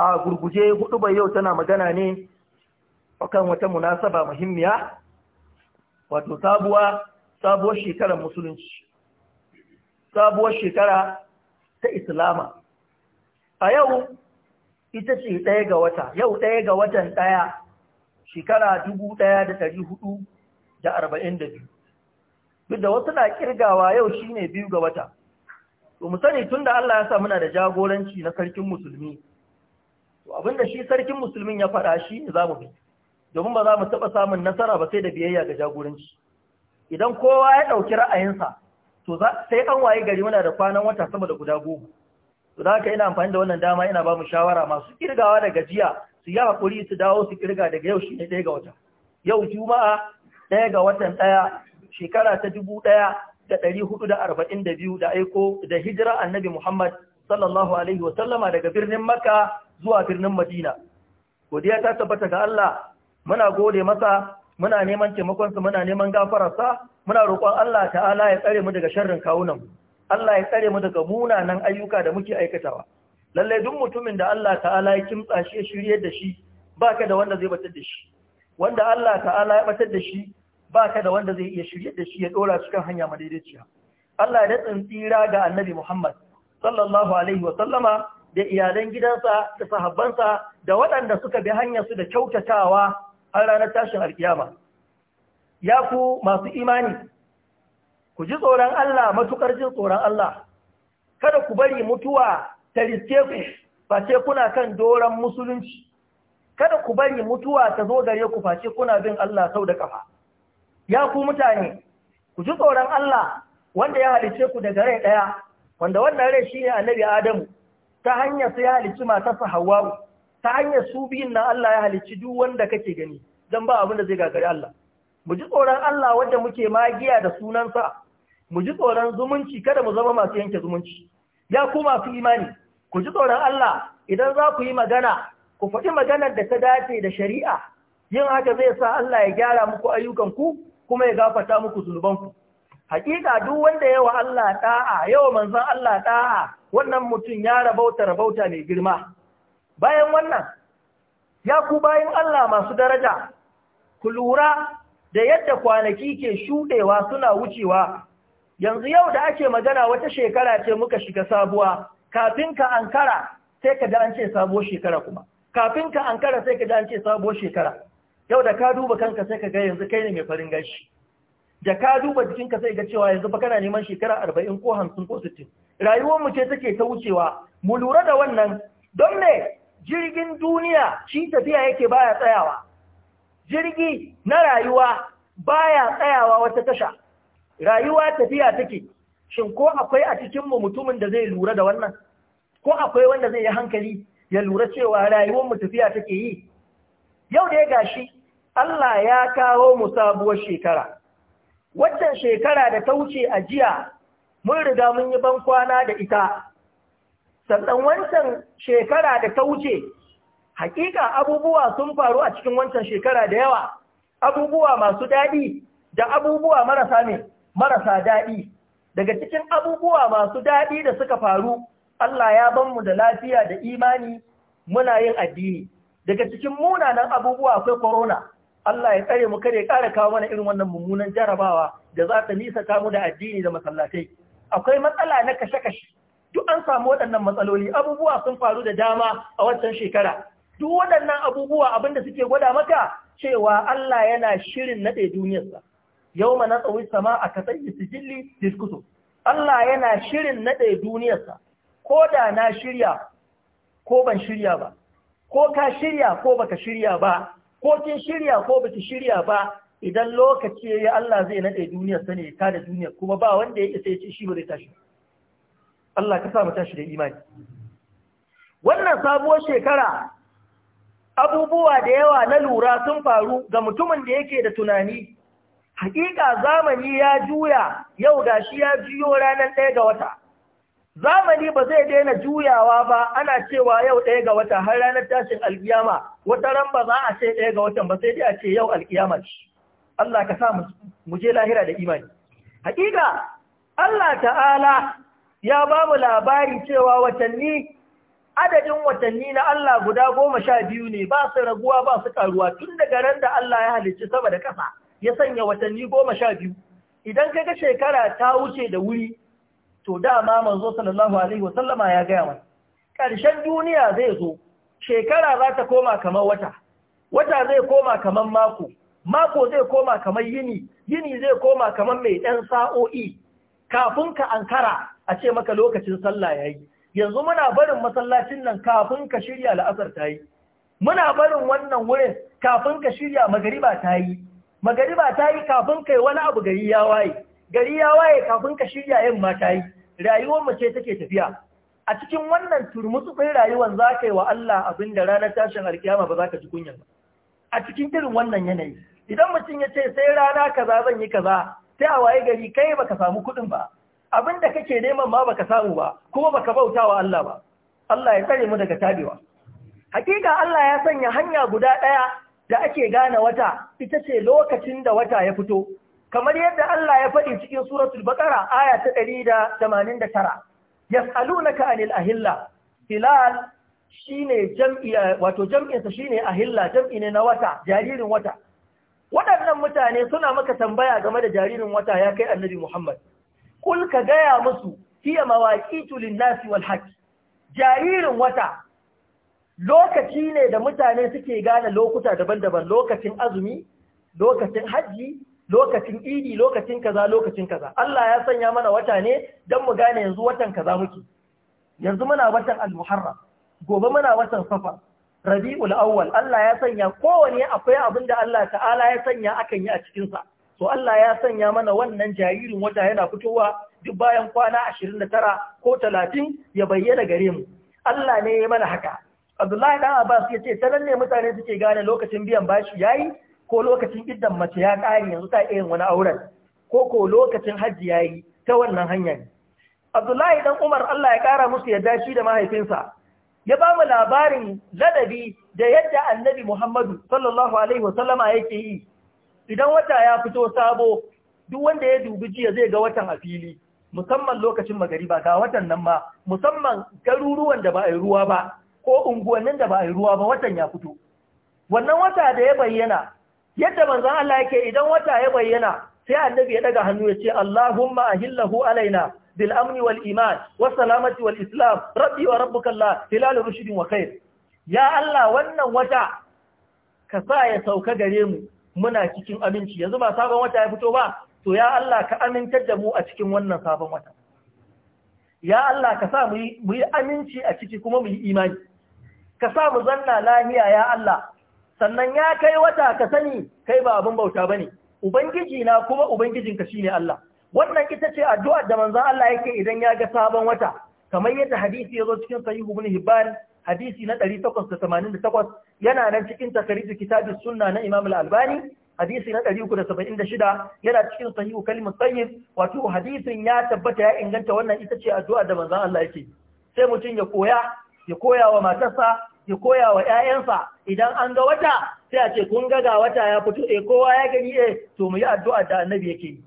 a gurguje bai yau tana magana ne kan wata munasaba muhimmiya wato sabuwa sabuwar shekarar musulunci sabuwar shekara ta islama a yau ita ce ɗaya ga wata yau ɗaya ga watan ɗaya shekara dubu ɗaya da ɗari hudu da arba'in da biyu duk da wasu na kirgawa yau shine biyu ga wata to mu sani tun Allah ya sa muna da jagoranci na sarkin musulmi to abinda shi sarkin musulmin ya faɗa shi ne za mu bi domin ba za mu taɓa samun nasara ba sai da biyayya ga jagoranci idan kowa ya ɗauki ra'ayinsa to sai an waye gari muna da kwanan wata sama da guda goma to da haka ina amfani da wannan dama ina ba mu shawara masu kirgawa da gajiya su yi haƙuri su dawo su kirga daga yau shi ne ɗaya ga wata yau juma'a ɗaya ga watan ɗaya shekara ta dubu ɗaya da ɗari hudu da arba'in da biyu da aiko da hijira annabi muhammad sallallahu alaihi wa sallama, daga birnin makka zuwa birnin Madina godiya ta tabbata ga Allah muna gode masa muna neman taimakonsa muna neman gafararsa muna roƙon Allah ta'ala ya tsare mu daga sharrin kawunan Allah ya tsare mu daga munanan ayyuka da muke aikatawa lalle duk mutumin da Allah ta'ala ya kimtsa shi ya shirye da shi ba ka da wanda zai batar da shi wanda Allah ta'ala ya batar da shi ba ka da wanda zai iya shirye da shi ya dora hanya kan hanya madaidaiciya Allah ya datsin tsira ga Annabi Muhammad sallallahu alaihi wa sallama da iyalan gidansa da sahabbansa da waɗanda suka bi su da kyautatawa har ranar tashin alkiyama ya ku masu imani ku ji tsoron Allah matukar jin tsoron Allah kada ku bari mutuwa ta riske ku face kuna kan doron musulunci kada ku bari mutuwa ta zo gare ku face kuna bin Allah sau da kafa ya ku mutane ku ji tsoron Allah wanda ya halice ku daga rai ɗaya wanda wannan rai shine annabi Adamu ta hanyar sai ya halicci matarsa Hawwa'u ta hanyar su biyun nan Allah ya halicci duk wanda kake gani don ba abin da zai gagari Allah mu ji tsoron Allah wanda muke magiya da sunansa mu ji tsoron zumunci kada mu zama masu yanke zumunci ya ku masu imani ku ji tsoron Allah idan za ku yi magana ku faɗi maganar da ta dace da shari'a yin haka zai sa Allah ya gyara muku ayyukanku kuma ya gafata muku zunubanku hakika duk wanda yawa Allah ta'a yawa manzon Allah ta'a wannan mutum ya rabauta rabauta mai girma bayan wannan ya ku bayan Allah masu daraja ku lura da yadda kwanaki ke shuɗewa suna wucewa yanzu yau da ake magana wata shekara ce muka shiga sabuwa kafin ka ankara sai ka ji an ce sabuwar shekara kuma kafin ka ankara sai ka ji an ce sabuwar shekara yau da ka duba kanka sai ka ga yanzu kai ne mai farin gashi da ka duba jikinka sai ga cewa yanzu fa kana neman shekara 40 ko 50 ko 60 rayuwar mu ce take ta wucewa mu lura da wannan don me jirgin duniya shi tafiya yake baya tsayawa jirgi na rayuwa baya tsayawa wata tasha rayuwa tafiya take shin ko akwai a cikin mu mutumin da zai lura da wannan ko akwai wanda zai yi hankali ya lura cewa rayuwar mu tafiya take yi yau da ya gashi Allah ya kawo mu sabuwar shekara waccan shekara da ta wuce a jiya mun riga mun yi ban kwana da ita sannan wancan shekara da ta wuce hakika abubuwa sun faru a cikin wancan shekara da yawa abubuwa masu daɗi da abubuwa marasa ne marasa daɗi daga cikin abubuwa masu daɗi da suka faru Allah ya ban mu da lafiya da imani muna yin addini daga cikin munanan abubuwa akwai corona Allah ya tsare mu kada ya ƙara kawo mana irin wannan mummunan jarabawa da za ta nisa ta mu da addini da masallatai akwai matsala na kashe-kashe duk an samu waɗannan matsaloli abubuwa sun faru da dama a waccan shekara duk waɗannan abubuwa abin da suke gwada maka cewa Allah yana shirin naɗe duniyarsa yau ma na tsawon sama a kasar sijilli diskuto Allah yana shirin naɗe duniyarsa ko da na shirya ko ban shirya ba ko ka shirya ko baka shirya ba ko kin shirya ko ki shirya ba idan lokaci ya Allah zai nade duniyar sani ta da duniyar kuma ba wanda ya isa ya ce shi ba zai tashi Allah ka sa mu tashi da imani wannan sabuwar shekara abubuwa da yawa na lura sun faru ga mutumin da yake da tunani hakika zamani ya juya yau gashi ya juyo ranar ɗaya ga wata zamani ba zai daina juyawa ba ana cewa yau ɗaya ga wata har ranar tashin alkiyama wata ran ba za a ce ɗaya ga watan ba sai dai a ce yau alkiyama ce Allah ka sa mu je lahira da imani hakika Allah ta'ala ya ba mu labari cewa watanni adadin watanni na Allah guda goma sha biyu ne ba su raguwa ba su karuwa tun daga ran da Allah ya halicci sama da ƙasa ya sanya watanni goma sha biyu idan ka ga shekara ta wuce da wuri to dama manzo sallallahu alaihi wasallama ya gaya yawa ƙarshen duniya zai zo shekara za ta koma kamar wata wata zai koma kamar mako mako zai koma kamar yini yini zai koma kamar mai ɗan sa'o'i kafin ka ankara a ce maka lokacin sallah yayi yanzu muna barin masallacin nan kafin ka shirya la'asar ta yi muna barin wannan wurin kafin ka shirya magariba ta yi magariba ta yi kafin kai wani abu gari ya waye gari ya waye kafin ka shirya yamma ta yi rayuwar mu ce take tafiya a cikin wannan turmutsufin rayuwar za ka yi wa Allah abin da ranar tashin alkiyama ba za ka ji kunya ba a cikin irin wannan yanayi idan mutum ya ce sai rana kaza zan yi kaza sai a waye gari kai baka samu kuɗin ba abin da kake neman ma baka samu ba kuma baka bauta wa Allah ba Allah ya tsare mu daga tabewa hakika Allah ya sanya hanya guda ɗaya da ake gane wata ita ce lokacin da wata ya fito kamar yadda Allah ya faɗi cikin suratul baqara aya ta 189 yas'alunaka anil ahilla hilal shine jam'i wato jam'in sa shine ahilla jam'i ne na wata jaririn wata waɗannan mutane suna maka tambaya game da jaririn wata ya kai annabi Muhammad kul ka gaya musu hiya mawaqitu lin-nasi wal hajj jaririn wata lokaci ne da mutane suke gane lokuta daban-daban lokacin azumi lokacin hajji lokacin idi lokacin kaza lokacin kaza Allah ya sanya mana wata ne don mu gane yanzu watan kaza muke yanzu muna watan al-muharram gobe muna watan safar rabi'ul awwal Allah ya sanya kowane akwai abin da Allah ta'ala ya sanya akan yi a cikin sa to Allah ya sanya mana wannan jaririn wata yana fitowa duk bayan kwana 29 ko 30 ya bayyana gare mu Allah ne ya mana haka Abdullahi dan Abbas yace ta ne mutane suke gane lokacin biyan bashi yayi ko lokacin iddan mace ya ƙari yanzu ta iya wani auren ko ko lokacin hajji ya yi ta wannan hanyar. abdullahi dan umar allah ya ƙara musu yadda shi da mahaifinsa ya ba mu labarin ladabi da yadda annabi muhammadu sallallahu alaihi wasallama yake yi idan wata ya fito sabo duk wanda ya dubi jiya zai ga watan a fili musamman lokacin magariba ga watan nan ma musamman garuruwan da ba a yi ruwa ba ko unguwannin da ba a yi ruwa ba watan ya fito wannan wata da ya bayyana yadda manzon Allah yake idan wata ya bayyana sai annabi ya daga hannu ya ce Allahumma ahillahu alaina bil amni wal iman was salamati wal islam rabbi wa rabbuka Allah hilal rushdin wa khair ya Allah wannan wata ka sa ya sauka gare mu muna cikin aminci yanzu ba sabon wata ya fito ba to ya Allah ka amintar da mu a cikin wannan sabon wata ya Allah ka sa mu yi aminci a ciki kuma mu yi imani ka sa mu zanna lahiya ya Allah sannan ya kai wata ka sani kai ba abin bauta bane ubangiji na kuma ubangijinka ne Allah wannan ita ce addu'ar da manzon Allah yake idan ya ga sabon wata kamar yadda hadisi ya zo cikin sahih ibn hibban hadisi na 888 yana nan cikin takaridu kitabin sunna na imam al-albani hadisi na 376 yana cikin sahihu kalimat tsayin, wato hadisin ya tabbata ya inganta wannan ita ce addu'a da manzan Allah yake sai mutum ya koya ya koya wa matarsa ya koya wa ‘ya'yansa idan an ga wata sai a ce kun gaga wata ya fito e kowa ya gani e to mu yi addu'a da annabi yake yi.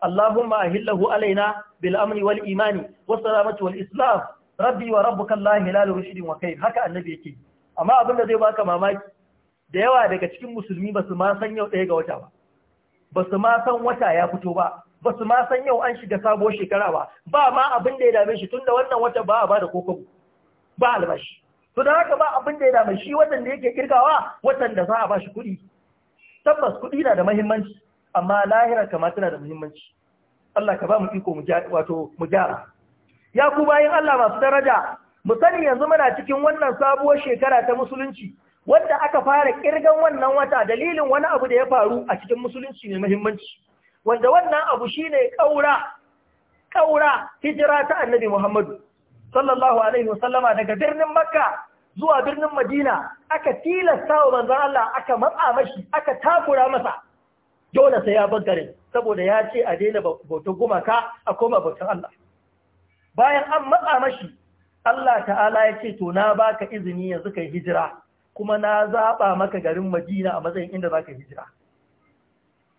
Allahumma ahillahu alaina bil amni wal imani was wal islam rabbi wa rabbuka Allah hilal rushidin wa khair haka annabi yake Amma abin da zai baka mamaki da yawa daga cikin musulmi ba su ma san yau ɗaya ga wata ba. Ba ma san wata ya fito ba. Ba su ma san yau an shiga sabuwar shekara ba. Ba ma abin da ya dame shi tun da wannan wata ba a ba da Ba albashi. to da haka ba abin da ya dama shi waɗanda yake kirkawa waɗanda za a ba shi kuɗi tabbas kuɗi na da mahimmanci amma lahira kama tana da muhimmanci Allah ka ba mu iko mu wato mu gyara ya ku bayan Allah masu daraja mu sani yanzu muna cikin wannan sabuwar shekara ta musulunci wanda aka fara kirgan wannan wata dalilin wani abu da ya faru a cikin musulunci mai muhimmanci wanda wannan abu shine kaura kaura hijira ta annabi Muhammadu sallallahu alaihi wasallama daga birnin Makka zuwa birnin Madina aka tilasta wa manzon Allah aka matsa mashi aka takura masa dole sai ya bar saboda ya ce a daina bautar gumaka a koma bautar Allah bayan an matsa mashi Allah ta'ala ya ce to na baka izini yanzu kai hijira kuma na zaɓa maka garin Madina a matsayin inda zaka hijira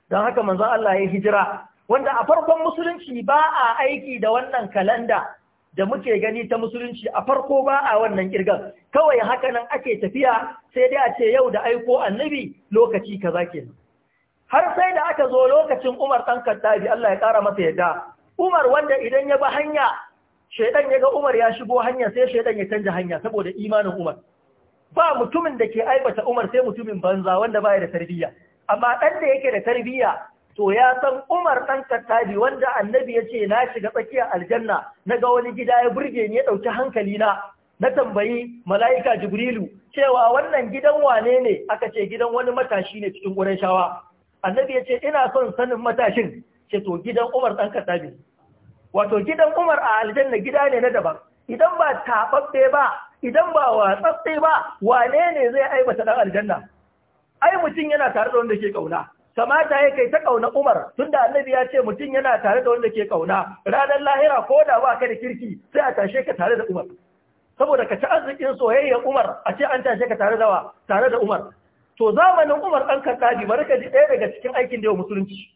don haka manzon Allah ya hijira wanda a farkon musulunci ba a aiki da wannan kalanda da muke gani ta musulunci a farko ba a wannan kirgan kawai haka nan ake tafiya sai dai a ce yau da aiko annabi lokaci kaza kenan har sai da aka zo lokacin Umar ɗan Kattabi Allah ya kara masa yadda Umar wanda idan ya bi hanya shaidan ya ga Umar ya shigo hanya sai shaidan ya canja hanya saboda imanin Umar ba mutumin da ke aibata Umar sai mutumin banza wanda baya da tarbiyya amma ɗanda da yake da tarbiyya to ya san Umar ɗan Kattabi wanda annabi ya ce na shiga tsakiyar aljanna na ga wani gida ya burge ni ya ɗauki hankali na na tambayi mala'ika Jibrilu cewa wannan gidan wane ne aka ce gidan wani matashi ne cikin ƙuren shawa annabi ya ce ina son sanin matashin ce to gidan Umar ɗan Kattabi wato gidan Umar a aljanna gida ne na daban idan ba taɓaɓɓe ba idan ba watsatse ba wane ne zai aibata ɗan aljanna ai mutum yana tare da wanda ke ƙauna kamata ya kai ta ƙauna Umar tunda annabi ya ce mutum yana tare da wanda ke kauna ranar lahira ko da ba ka da kirki sai a tashe ka tare da Umar saboda ka ci arzikin soyayya Umar a ce an tashe ka tare da wa tare da Umar to zamanin Umar dan Kaddabi barka ji ɗaya daga cikin aikin da musulunci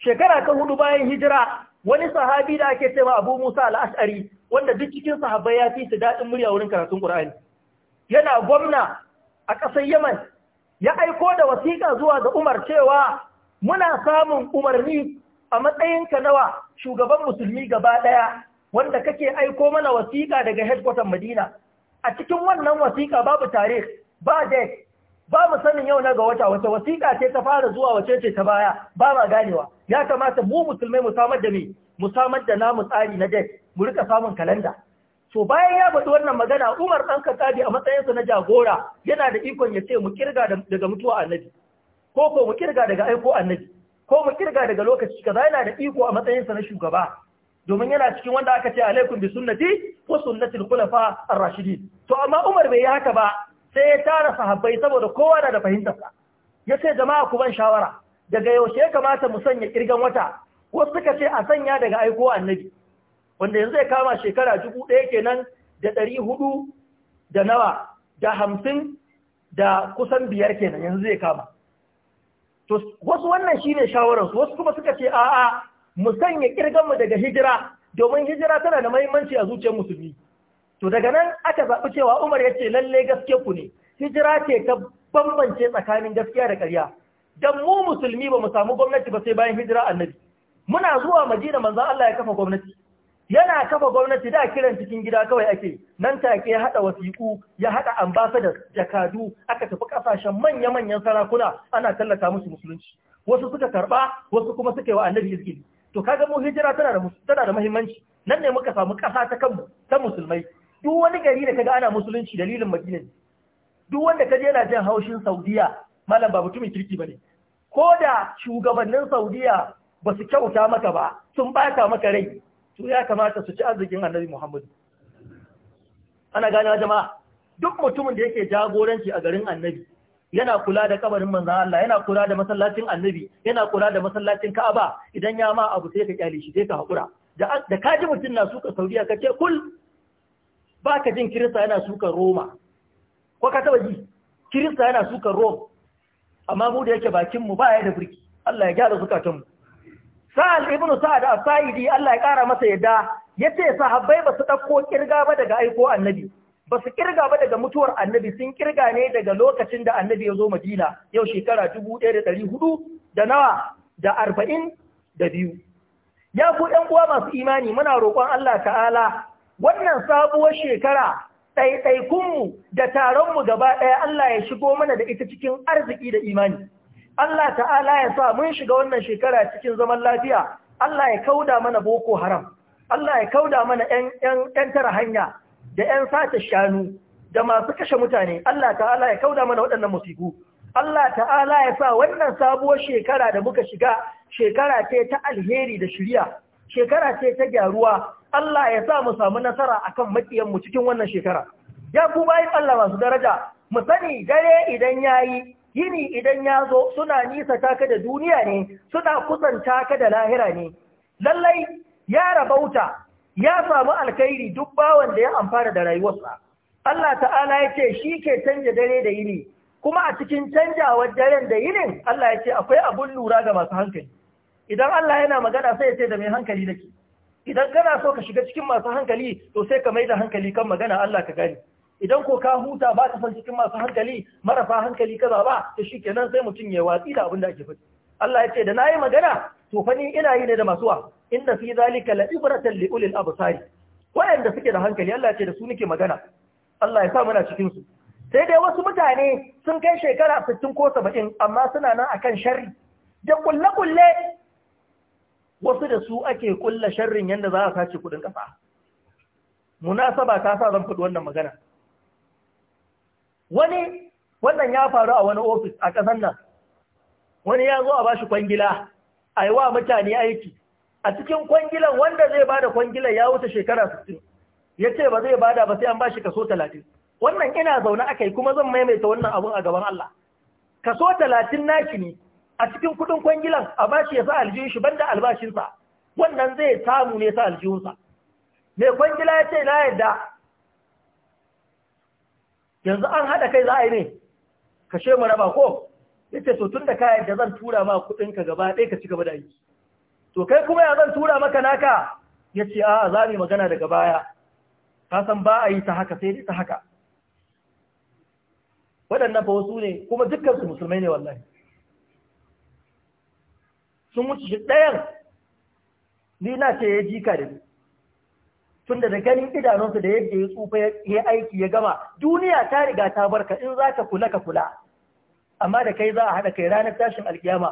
shekara ta hudu bayan hijira wani sahabi da ake cewa Abu Musa al-Ash'ari wanda duk cikin sahabbai ya fi su daɗin murya wurin karatun Qur'ani yana gwamna a ƙasar Yaman ya aiko da wasiƙa zuwa da Umar cewa muna samun umarni a matsayinka nawa shugaban musulmi gaba ɗaya wanda kake aiko mana wasiƙa daga headquarters Madina a cikin wannan wasiƙa babu tarih ba date ba mu sanin yau na ga wata wata wasiƙa ce ta fara zuwa wace ce ta baya ba ma ganewa ya kamata mu musulmai mu samar da mu samar da namu tsari na dai mu rika samun kalanda so bayan ya faɗi wannan magana Umar ɗan Khattabi a matsayinsa na jagora yana da ikon ya ce mu kirga daga mutuwa annabi ko ko mu kirga daga aiko annabi ko mu kirga daga lokaci kaza yana da iko a matsayinsa na shugaba domin yana cikin wanda aka ce alaikum bi sunnati wa sunnatil khulafa ar-rashidin to amma Umar bai yi haka ba sai ya tara sahabbai saboda kowa na da fahimtarsa ya ce jama'a ku ban shawara daga yaushe ya kamata mu sanya kirgan wata wasu suka ce a sanya daga aiko annabi wanda yanzu ya kama shekara dubu ɗaya kenan da ɗari hudu da nawa da hamsin da kusan biyar kenan yanzu zai kama to wasu wannan shi shawarar shawararsu wasu kuma suka ce a'a mu sanya kirganmu daga hijira domin hijira tana da mahimmanci a zuciyar musulmi to daga nan aka zaɓi cewa umar ya ce lallai gaske ku ne hijira ce ta bambance tsakanin gaskiya da ƙarya dan mu musulmi ba mu samu gwamnati ba sai bayan hijira annabi muna zuwa madina manzon Allah ya kafa gwamnati yana kafa gwamnati da kiran cikin gida kawai ake nan take ya hada wasiku ya hada ambassador jakadu aka tafi kasashen manya-manyan sarakuna ana tallata musu musulunci wasu suka karba wasu kuma suka yi wa annabi izgili to kaga mu hijira tana da tana da muhimmanci nan ne muka samu kasa ta kanmu ta musulmai duk wani gari da kaga ana musulunci dalilin Madina duk wanda kaje yana jin haushin Saudiya malam ba mutumin kirki bane ko da shugabannin Saudiya ba su kyauta maka ba sun bata maka rai to ya kamata su ci arzikin annabi Muhammadu ana gane jama'a duk mutumin da yake jagoranci a garin annabi yana kula da kabarin manzan Allah yana kula da masallacin annabi yana kula da masallacin Ka'aba idan ya ma abu sai ka kyale shi sai ka hakura da ka ji mutum na suka sauriya ka ce kul ba ka jin Kirista yana suka Roma ko ka taba ji Kirista yana suka Roma? amma mu da yake bakin mu ba ya da birki. Allah ya gyara zukatan mu sa'al ibn sa'ad a saidi Allah ya ƙara masa yadda ya ce sahabbai basu ɗauko ƙirga ba daga aiko annabi basu ƙirga ba daga mutuwar annabi sun ƙirga ne daga lokacin da annabi ya zo Madina yau shekara ɗaya da da nawa da arba'in da biyu ya ku ‘yan uwa masu imani muna roƙon Allah ta'ala wannan sabuwar shekara ɗaiɗaikunmu da taronmu gaba ɗaya Allah ya shigo mana da ita cikin arziki da imani Allah ta'ala ya sa mun shiga wannan shekara cikin zaman lafiya Allah ya kauda mana boko haram Allah ya kauda mana ‘yan tara hanya da ‘yan sata shanu da masu kashe mutane, Allah ta'ala ya kauda mana waɗannan musiku. Allah ta'ala ya sa wannan sabuwar shekara da muka shiga, shekara ce ta alheri da shirya, shekara ce ta gyaruwa, Allah ya sa mu samu nasara a kan maƙiyanmu cikin wannan shekara. Ya ku bayan Allah masu daraja, mu sani dare idan ya yi yini idan ya zo suna nisa taka da duniya ne suna kusanta ka da lahira ne lallai ya rabauta ya samu alkhairi duk bawan da ya amfana da rayuwarsa Allah ta'ala ya ce shi ke canja dare da yini kuma a cikin canjawar daren da yinin Allah ya ce akwai abun lura ga masu hankali idan Allah yana magana sai ya ce da mai hankali nake idan kana so ka shiga cikin masu hankali to sai ka mai da hankali kan magana Allah ka gani idan ko ka huta ba ka san cikin masu hankali marasa hankali kaza ba to shikenan sai mutum ya watsi da abin da ake faɗi Allah ya ce da nayi magana to fa ni ina yi ne da masuwa inda fi zalika la ibratan li ulil absari wayanda suke da hankali Allah ya ce da su nake magana Allah ya sa muna cikin su sai dai wasu mutane sun kai shekara 60 ko 70 amma suna nan akan sharri da kulle kulle wasu da su ake kulla sharrin yanda za a sace kudin kasa munasaba ta sa zan faɗi wannan magana wani wannan ya faru a wani ofis a ƙasar nan wani ya zo a ba shi kwangila a yi wa mutane aiki a cikin kwangilan wanda zai ba da kwangilan ya wuce shekara 60 ya ce ba zai bada ba sai an bashi kaso 30 wannan ina zaune aka yi kuma zan maimaita wannan abun a gaban Allah kaso 30 naki ne a cikin kudin kwangilan a bashi ya sa aljihun shi banda albashinsa wannan zai samu ne sa aljihunsa mai kwangila ya ce na yadda yanzu an haɗa kai za a yi ne kashe mu raba ko ya ce to tun da kayan zan tura ma ka gaba ɗaya ka ci gaba da yi, to kai kuma ya zan tura maka naka ya ce a za mu magana daga baya ka san ba a yi ta haka sai dai ta haka waɗannan fa wasu ne kuma dukkansu musulmai ne wallahi sun wuce shi ɗayan ni na ce ya jika da ni tunda da ganin idanunsa da yadda ya tsufa ya aiki ya gama duniya ta riga ta barka in za ka kula ka kula amma da kai za a haɗa kai ranar tashin alkiyama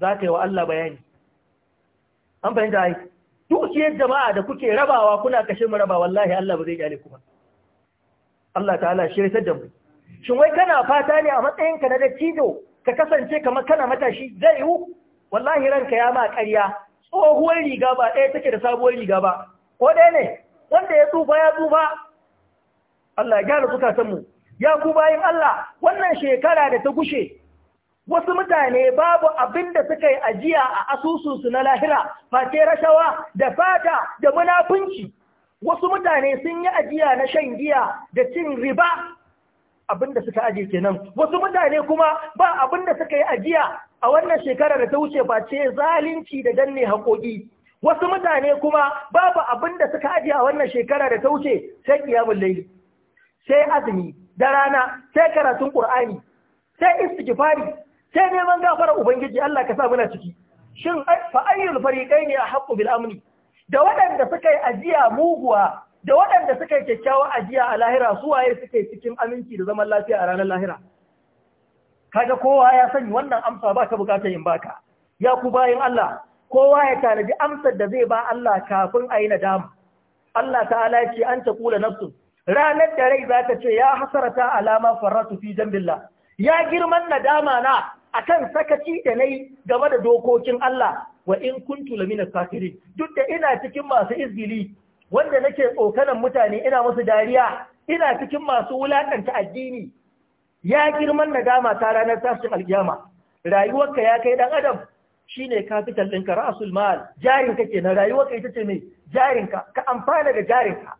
za ka yi wa Allah bayani an fahimta ai dukiyar jama'a da kuke rabawa kuna kashe mu raba wallahi Allah ba zai kyale ku ba Allah ta'ala shi shirye da mu shin wai kana fata ne a matsayin ka na dattijo ka kasance kamar kana matashi zai yiwu wallahi ranka ya ma ƙarya tsohuwar riga ba ɗaya take da sabuwar riga ba ko ɗaya ne wanda ya tuba ya tuba Allah ya gyara zukatanmu ya ku bayin Allah wannan shekara da ta gushe wasu mutane babu abin da suka yi ajiya a asusunsu na lahira face rashawa da fata da munafunci wasu mutane sun yi ajiya na shan giya da cin riba abin da suka ajiye kenan wasu mutane kuma ba abin da suka yi ajiya a wannan shekara da ta wuce face zalunci da danne haƙoƙi wasu mutane kuma babu abin da suka ajiye a wannan shekara da ta wuce sai kiyamun laili sai azumi da rana sai karatun qur'ani sai istighfari sai neman gafara ubangiji Allah ka sa muna ciki shin fa ayyul ya haqqu bil amni da waɗanda suka yi ajiya muguwa da waɗanda suka yi kyakkyawa ajiya a lahira su waye suke cikin aminci da zaman lafiya a ranar lahira kaga kowa ya sani wannan amsa ba ka bukata in baka ya ku bayan Allah kowa ya tanadi amsar da zai ba Allah kafin a yi nadama Allah ta'ala ce an ta kula nafsu ranar da rai za ta ce ya hasarata alama su fi billa. ya girman nadama na A kan sakaci da nayi game da dokokin Allah wa in kuntu lamina kafirin duk da ina cikin masu izgili wanda nake tsokanan mutane ina musu dariya ina cikin masu wulakanta addini ya girman nadama ta ranar tashin alkiyama rayuwarka ya kai ɗan adam Shi shine kafital ɗinka rasul jarin jarinka ke na rayuwa ka ita ce mai jarinka ka amfana da jarinka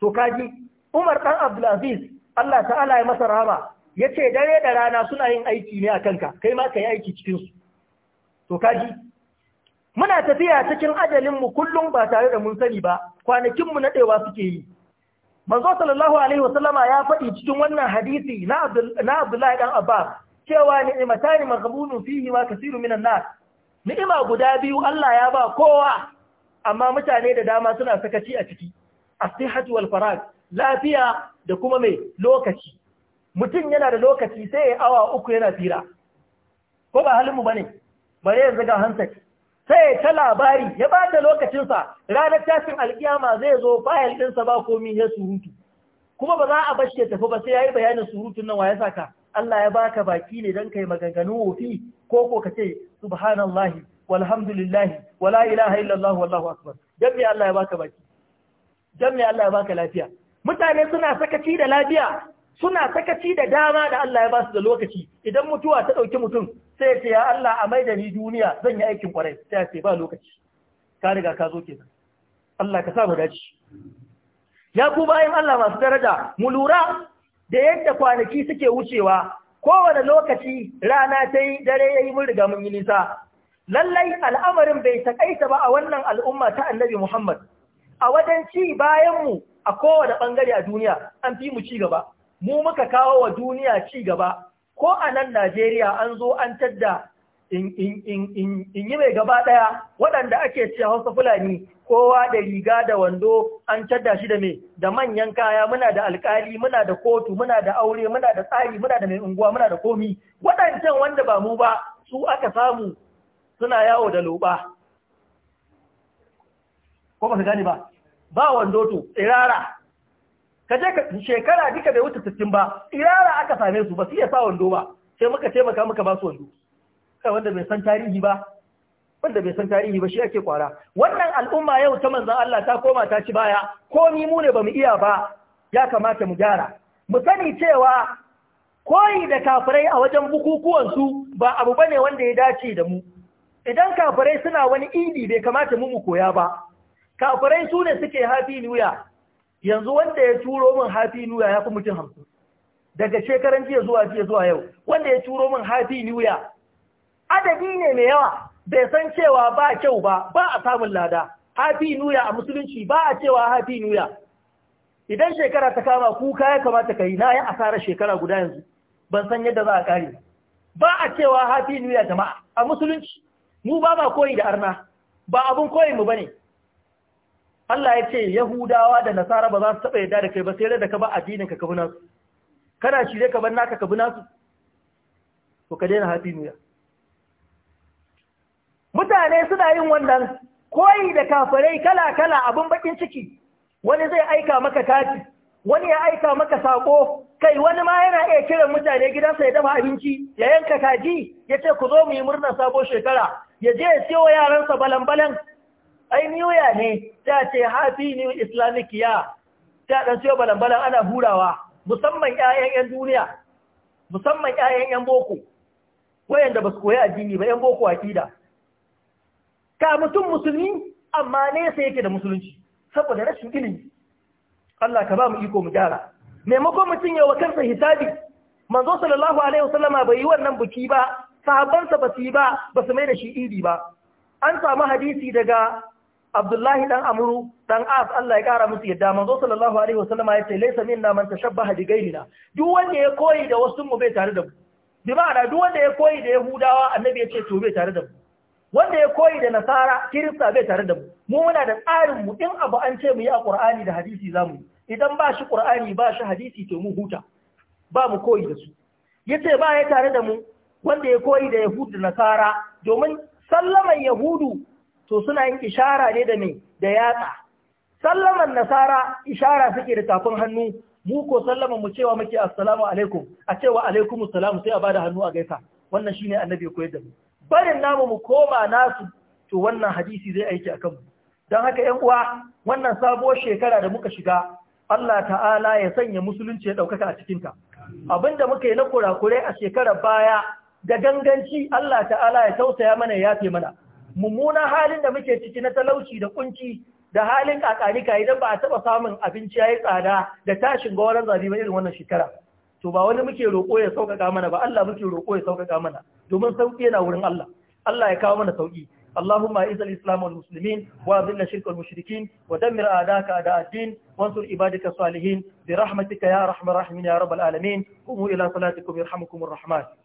to kaji Umar ɗan Abdulaziz Allah ta'ala ya masa rama ya ce dare da rana suna yin aiki ne a kanka kai ma ka yi aiki cikinsu to kaji muna tafiya cikin ajalinmu kullum ba tare da mun sani ba kwanakinmu na ɗewa suke yi manzo sallallahu alaihi wasallama ya faɗi cikin wannan hadisi na Abdullahi dan Abbas cewa ni'matani maghbunun fihi ma kaseeru minan nas ni'ima guda biyu Allah ya ba kowa amma mutane da dama suna sakaci a ciki as wal farag lafiya da kuma mai lokaci mutum yana da lokaci sai ya awa uku yana fira ko ba halin mu bane bare yanzu ga hansa sai ya ta labari ya ba da sa ranar tashin alkiyama zai zo fayil sa ba komi ya surutu kuma ba za a bashi tafi ba sai yayi bayanin surutun nan wa ya saka Allah ya baka baki ne dan kai maganganu wofi ko ko ka ce subhanallahi walhamdulillahi wala ilaha illallah wallahu akbar dan Allah ya baka baki dan Allah ya baka lafiya mutane suna sakaci da lafiya suna sakaci da dama da Allah ya ba su da lokaci idan mutuwa ta dauki mutum sai ce ya Allah a da ni duniya zan yi aikin kwarai sai ce ba lokaci ka riga ka zo kenan Allah ka sa mu dace ya ku bayan Allah masu daraja mu lura da yadda kwanaki suke wucewa kowane lokaci rana ta yi dare ya yi murga mun yi nisa lallai al'amarin bai takaita ba a wannan al'umma ta annabi Muhammad a wajen ci bayanmu a kowane ɓangare a duniya an fi mu ci gaba mu muka kawo wa duniya ci gaba ko a nan Najeriya an zo an tadda in yi mai gaba ɗaya waɗanda ake ce hausa fulani kowa da riga da wando an cadda shi da mai da manyan kaya muna da alkali muna da kotu muna da aure muna da tsari muna da mai unguwa muna da komi waɗancan wanda ba mu ba su aka samu suna yawo da loba ko ba su gane ba ba wando to tsirara ka je shekara duka bai wuce sittin ba tsirara aka same su ba su iya sa wando ba sai muka taimaka muka ba su wando kai wanda bai san tarihi ba wanda bai san tarihi ba shi ake kwara wannan al'umma yau ta manzon Allah ta koma ta ci baya ko ni mu ne bamu iya ba ya kamata mu gyara mu sani cewa koyi da kafirai a wajen bukukuwan su ba abu bane wanda ya dace da mu idan kafirai suna wani idi bai kamata mu mu koya ba kafirai su ne suke happy new year yanzu wanda ya turo min happy new year ya fi mutum hamsin daga shekaran jiya zuwa jiya zuwa yau wanda ya turo min happy new year adadi ne mai yawa bai san cewa ba kyau ba ba a samun lada hafi nuya a musulunci ba a cewa hafi nuya idan shekara ta kama kuka ya kamata ka yi na yi asarar shekara guda yanzu ban san yadda za a kare ba a cewa hafi nuya jama'a a musulunci mu ba ma koyi da arna ba abun koyi mu bane Allah ya ce Yahudawa da Nasara ba za su taɓa yadda da kai ba sai da ka ba addinin ka kabi nasu kana shirye ka bar naka kabi nasu to ka daina hafi nuya mutane suna yin wannan koyi da kafirai kala-kala abin bakin ciki wani zai aika maka kati wani ya aika maka sako kai wani ma yana iya kiran mutane gidansa ya dafa abinci ya yanka kaji ya ce ku zo mu yi murnar sabo shekara ya je ya siyo yaransa balan-balan ai new year ne ta ce happy new islamic year ta dan siyo balan-balan ana hurawa musamman ƴaƴan ƴan duniya musamman ƴaƴan ƴan boko wayanda ba su koyi addini ba ƴan boko akida ka mutum musulmi amma nesa yake da musulunci saboda rashin ilimi Allah ka ba mu iko mu gyara maimakon mutum yawa kansa hisabi manzo sallallahu alaihi wasallama bai yi wannan buki ba sahabbansa ba su yi ba ba su mai da shi idi ba an samu hadisi daga Abdullahi dan Amru dan As Allah ya kara musu yadda manzo sallallahu alaihi wasallama ya ce laysa minna man tashabbaha bi ghayrina duk wanda ya koyi da wasu mu bai tare da mu bi ma'ana duk wanda ya koyi da Yahudawa annabi ya ce to bai tare da mu wanda ya koyi da nasara kirista bai tare da mu mu muna da tsarin mu in abu an ce mu yi a qur'ani da hadisi zamu yi idan ba shi qur'ani ba shi hadisi to mu huta ba mu koyi da su yace ba ya tare da mu wanda ya koyi da yahudu da nasara domin sallaman yahudu to suna yin ishara ne da me da yatsa sallaman nasara ishara suke da tafin hannu mu ko sallaman mu cewa muke assalamu alaikum a cewa alaikumus salam sai a bada hannu a gaisa wannan shine annabi ya koyar da mu barin namu mu koma nasu to wannan hadisi zai aiki akan mu don haka ‘yan uwa wannan sabuwar shekara da muka shiga Allah ta'ala ya sanya musulunci ya ɗaukaka a cikinta abinda muka yi na kurakure a shekarar baya da ganganci Allah ta'ala ya tausaya mana ya yafe mana mummunan halin da muke ciki na talauci da kunci da halin kakanika idan ba a taɓa samun abinci ya yi tsada da tashin ga wurin zabi irin wannan shekara to ba wani muke roƙo ya sauƙaƙa mana ba Allah muke roƙo ya sauƙaƙa mana domin sauki yana wurin Allah Allah ya kawo mana sauki اللهم اعز الاسلام والمسلمين واذل الشرك والمشركين ودمر اعداءك اعداء الدين وانصر عبادك الصالحين برحمتك يا ارحم الراحمين يا رب العالمين قوموا الى صلاتكم يرحمكم الرحمن